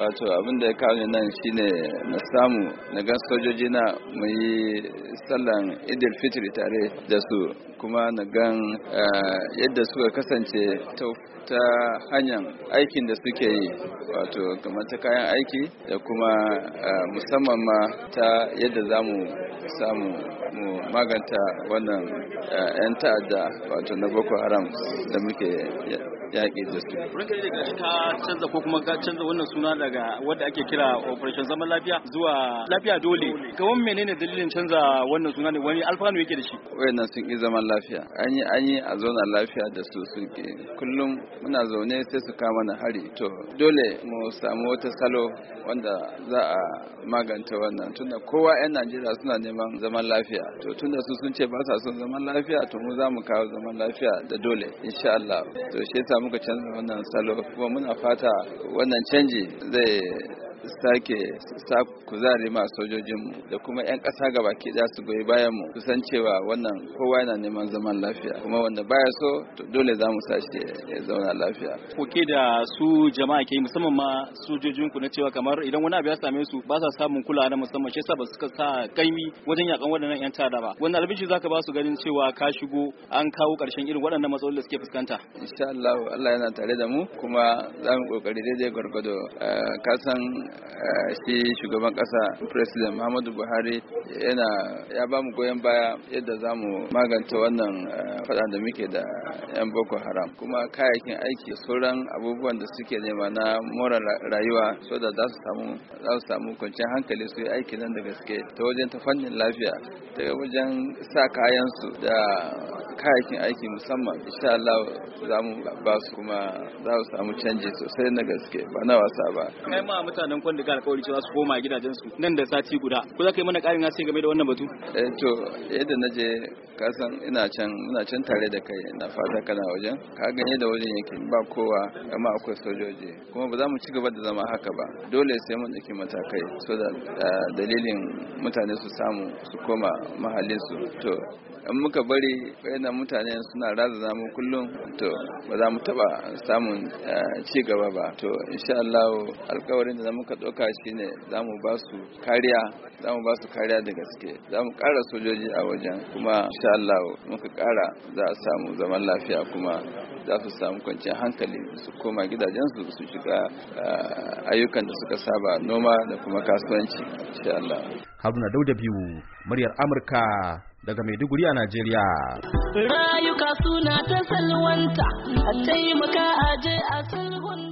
wato abin da ya kawo ni nan shine na samu na gan sojoji na mu yi sallan idil fitri tare da su kuma na gan eh, yadda suka kasance ta hanyar aikin da suke yi wato kamar ta kayan aiki da kuma eh, musamman ma ta yadda za mu samu mu maganta wannan eh, 'yan ta'adda wato na boko haram da muke yaƙi da su. Ranka ne daga ta canza ko kuma ka canza wannan suna daga wadda ake kira operation zaman lafiya zuwa lafiya dole. wani menene dalilin canza wannan suna ne wani alfanu yake da shi? Wayannan sun ƙi zaman lafiya. An yi an yi a zauna lafiya da su sun ƙi. Kullum muna zaune sai su kama na hari. To dole mu samu wata salo wanda za a maganta wannan tunda kowa 'yan Najeriya suna neman zaman lafiya. To tunda su sun ce ba sa son zaman lafiya to mu za mu kawo zaman lafiya da dole insha Allah. To shi yasa muka canza wannan salo kuma muna fata wannan canji zai sake sa kuzari ma mu da kuma 'yan ƙasa gabaki da su goyi bayan mu kusan cewa wannan kowa yana neman zaman lafiya kuma wanda baya so to dole za mu sashi ya zauna lafiya. ke da su jama'a ke musamman ma sojojin ku na cewa kamar idan wani abu ya same su ba sa samun kula na musamman shi yasa ba suka sa kaimi wajen yakan waɗannan 'yan tada ba. Wannan albishi zaka ba su ganin cewa ka shigo an kawo ƙarshen irin waɗannan matsalolin da suke fuskanta. Insha Allah Allah yana tare da mu kuma za mu kokari daidai gwargwado eh, kasan. Eh, shi shugaban ƙasa president muhammadu buhari yana ya ba mu goyon baya yadda za mu magance wannan eh, faɗa da muke da 'yan boko haram kuma kayayyakin aiki sauran abubuwan da suke nema na more rayuwa so da za su samu za su samu kwanciyar hankali su yi aiki nan da gaske ta wajen ta fannin lafiya ta wajen sa kayansu da kayakin aiki musamman insha Allah za mu ba su kuma za su samu canji sosai na gaske ba na wasa ba kai ma mutanen kwan da ga alƙawari cewa su koma gidajensu nan da sati guda ku za ka yi mana ƙarin haske game da wannan batu eh to yadda na kasan ina can ina can tare da kai ina fata kana wajen ka ganye da wajen yake ba kowa amma akwai sojoji kuma ba za mu ci gaba da zama haka ba dole sai mun ɗauki matakai so da dalilin mutane su samu su koma su to in muka bari wayannan mutane suna raza mu kullum to ba za mu taba samun eh, ci gaba ba to insha Allah alƙawarin da muka doka shine za mu ba su kariya za mu ba su kariya da gaske za mu ƙara sojoji a wajen kuma insha Allah muka ƙara za a samu zaman lafiya kuma za su samu kwanciyar hankali su koma gidajensu su shiga eh, ayyukan da suka saba noma da kuma kasuwanci insha Allah Haruna Dauda biyu muryar Amurka daga Maiduguri a Najeriya Rayuka suna ta salwanta a taimaka a je a sulhunta